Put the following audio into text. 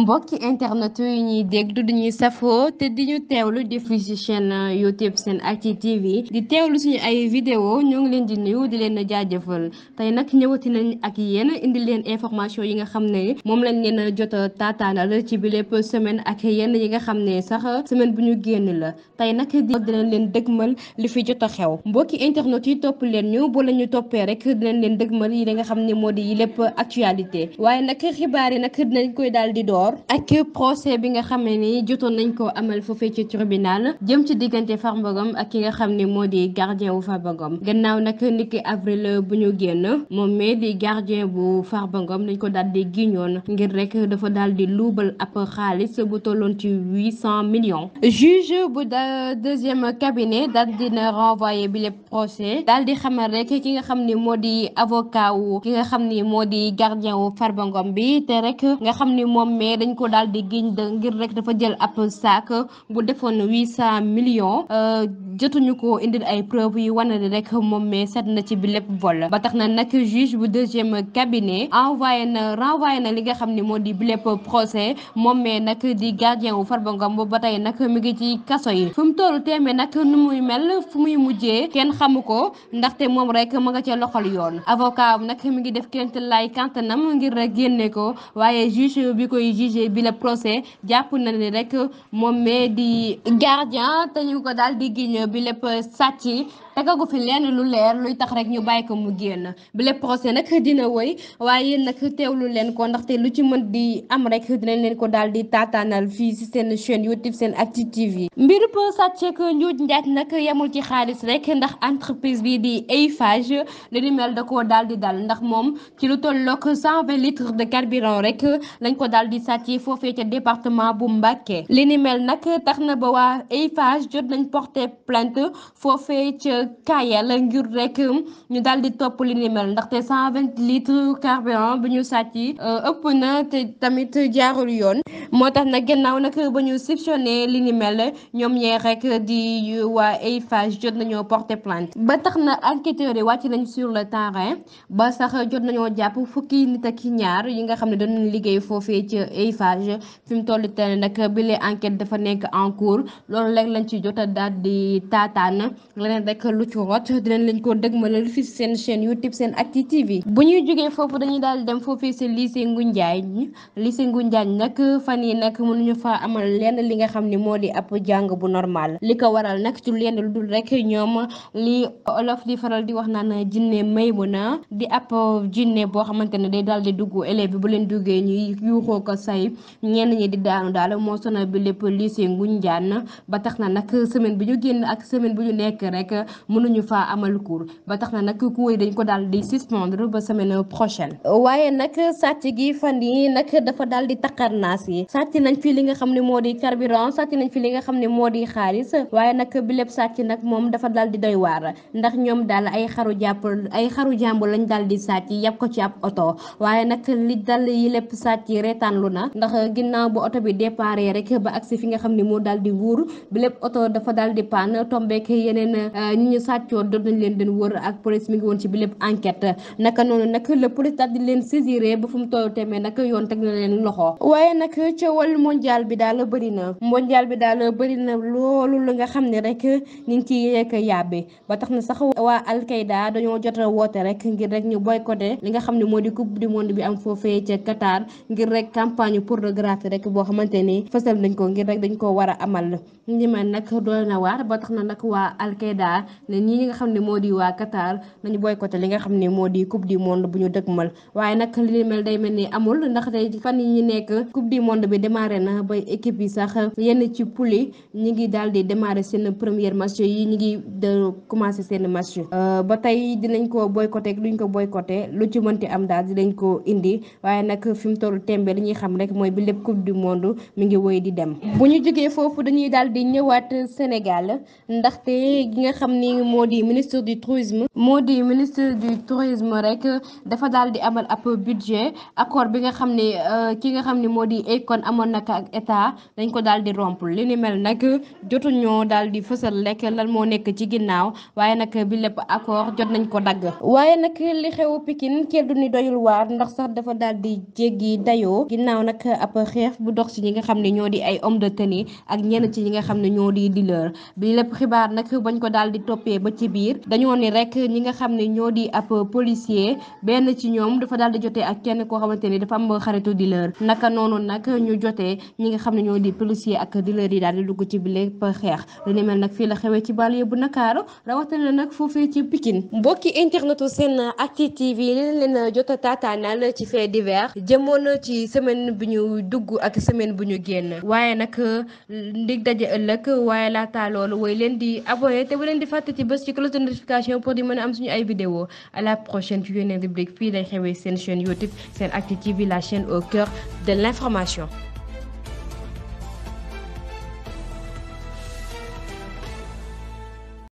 mbokki internet yu ñuy dégg du ñuy safoo te di ñu teewlu di fi ci chaîne euh, YouTube SENactu TV di teewlu suñu ay vidéo ñoo ngi leen di nuyu di leen jaajafal tey nag ñëwati nañ ak yéen indi leen information yi nga xam ne moom lañ leen a jot a taataanal ci bi lépp semaine ak yenn yi nga xam ne sax semaine bu ñu génn la tey nag dinañ leen dëgmal li fi jot a xew mbokki internet yi topp leen ñëw bu la ñu toppee rek dinañ leen dëgmal yi nga xam ne moo di lépp actualité yi nag Podor ak procès bi nga xam ne ni jotoon nañ koo amal foofee ci tribunal jëm ci diggante Farba ak ki nga xam ne moo di gardien wu Farba Ngom gannaaw nag niki avril bu ñu génn moom mais di gardien bu Farba Ngom dañ ko daal di giñoon ngir rek dafa daal di luubal ab xaalis bu tolloon ci huit cent millions juge bu da deuxième cabinet daal dina renvoyé di xamal rek ki nga xam ni moo ki xam ni moo di gardien wu Farba Ngom bi te rek nga xam ni moom mais ne dañ ko daal di giñ de ngir rek dafa jël ab sac bu defoon huit cent million euh, jotuñu ko indil ay preuve yu wane ne rek moom mais set na ci bi lépp ba tax na nag juge bu deuxième cabinet envoyé na renvoyé na li nga xam ni moo di bi lépp procès moom mais nag di gardien wu Farba Ngom ba tey nag mu ngi ci kaso yi fu mu tollu téeme nag nu muy mel fu muy mujjee kenn xamu ko ndaxte moom rekk ma nga ca loxol yoon avocat am nag mi ngi def kent lay kantanam ngir génne ko jugé bi la procès jàpp na ne rek moom mais di gardien te ñu ko daal di giñ bi lépp sàcc tegagu fi leen lu leer luy tax rek ñu bàyyi le procès ko ndaxte lu ci mën di am rek dinañ leen ko daal di taataanal fii si seen chaîne YouTube SENactu TV. mbirub sàcceeg njuuj njaaj nag yemul ci xaalis rek ndax entreprise bi di Eiffage li ni mel da koo daal di dal ndax moom ci lu tollook 120 litres de carburant rek lañ ko daal di sàccee foofee ca département bu Mbacké li ni mel nag tax na ba waa Eiffage jot nañ porter plainte foofee ca kaayal ngir rek euh, ñu daal di topp li mel ndaxte cent vingt litres carburant bu ñu sàcc euh, ëpp na te tamit jaarul yoon moo tax na gannaaw nag ba ñu soupçonné li ni mel ñoom yee rek di waa Eiffage jot nañoo porter plainte ba tax na enquêteurs yi wàcc nañ sur le terrain ba sax jot nañoo jàpp fukki nit ak ñaar yi nga xam ne doon liggéey foofee ci Eiffage fi mu toll tane nag bile enquête dafa nekk en cours loolu rek lañ ci jot a daal di taataan leneen rafetlu ci woot dinañ leen ko dëgmalal fi seen chaîne youtube seen acti tv bu ñuy jógee foofu dañuy daal dem foofee si lycée Ngoundiagne lycée Ngoundiagne nag fan yi nag mënuñu faa amal lenn li nga xam ne moo di ab jàng bu normal li ko waral nag ci lenn lu dul rek ñoom li olof di faral di wax naan jinne Maymuna di ab jinne boo xamante ne day daal di dugg élève bi bu leen duggee ñuy yuuxoo ko say ñenn ñi di daanu daal moo sonal bi lépp lycée Ngoundiagne ba tax na nag semaine bi ñu génn ak semaine bu ñu nekk rek mënuñu faa amal cours ba tax na nag cours yi dañ ko daal di suspendre ba semaine prochaine. waaye nag sàcc gi fan yi nag dafa daal di taqar naas yi sàcc nañ fii li nga xam ne moo di carburant sàcc nañ fi li nga xam ne moo di xaalis waaye nag bi lépp sàcc nag moom dafa dal di doy waar ndax ñoom daal ay xaru jàpp ay xaru jàmbu lañ daal di sàcc yàpp ko ci ab oto waaye nag li dal yi lépp sàcc reetaan lu na ndax ginnaaw bu oto bi départ rek ba agsi fi nga xam ni moo dal di wuur bi lépp oto dafa daal ñu sàccoon doon nañ leen den wër ak police mi ngi woon ci bi lépp naka noonu nag le police daal leen saisiré ba fu mu toll tamit yoon teg na leen loxo waaye nag ca wàllu mondial bi daal bëri na mondial bi daal bëri na loolu la nga xam ne rek ñu ngi ciy yekk yàbbe ba tax na sax waa al dañoo jot woote rek ngir rek ñu boycotté li nga xam ne moo di coupe di monde bi am foofee ca Qatar ngir rek campagne pour de grâce rek boo xamante ni fësal nañ ko ngir rek dañ ko war a amal li ma nag na waar ba tax na nag waa al ne ñi nga xam ne moo di waa Qatar nañu boycotté li nga xam ne moo di coupe du monde bu ñu dëgmal waaye nag li mel day mel ni amul ndax fan yi ñu nekk coupe du monde bi démarré na ba équipe yi sax yenn ci poule yi ngi daal di démarré seen première match yi ñu ngi de commencé seen match euh, ba tey dinañ ko boycotté duñ ko boycotté lu ci mënti am daal dinañ ko indi waaye nag fi mu toll tembe li ñuy xam rek mooy bi lépp coupe du monde mi ngi woy di dem bu ñu jógee foofu dañuy daal di ñëwaat Sénégal ndaxte gi nga xam ni ñu moo di ministre du tourisme moo di ministre du tourisme rek dafa daal di amal ab budget accord bi nga xam ne euh, ki nga xam ne moo di Akon amoon naka ak état dañ ko daal di romp li ni mel nag jotuñoo daal di fësal lekk lan moo nekk ci ginnaaw waaye nag bi lépp accord jot nañ ko dagg waaye nag li xew Pikine keddu ni doyul waar ndax sax dafa daal di jéggi dayoo ginnaaw nag ab xeex bu dox si ñi nga xam ne ñoo di ay homme de tenue ak ñenn ci ñi nga xam ne ñoo di jàppee ba ci biir dañoo ni rek ñi nga xam ne ñoo di ab policier benn ci ñoom dafa daal di jotee ak kenn koo xamante ni dafa am xaritu dealer naka noonu nag ñu jotee ñi nga xam ne ñoo di policier ak dealer yi daal di dugg ci biir xeex lu ni mel nag fii la xewee ci banlieue bu Ndakaaru rawatina nag foofee ci Pikine mbokki internetu SENactu TV li leen leen jot a taataanal ci fait divers jëmoon ci semaine bi ñu dugg ak semaine bu ñu génn waaye nag ndi daje ëllëg waaye laata loolu way leen di abonné te bu leen di fàtte ci bés ci cloche de notification pour di am suñu ay vidéo à la prochaine ci yeneen rubrique fii lay xewee seen chaîne YouTube SENactu TV la chaîne au cœur de l'information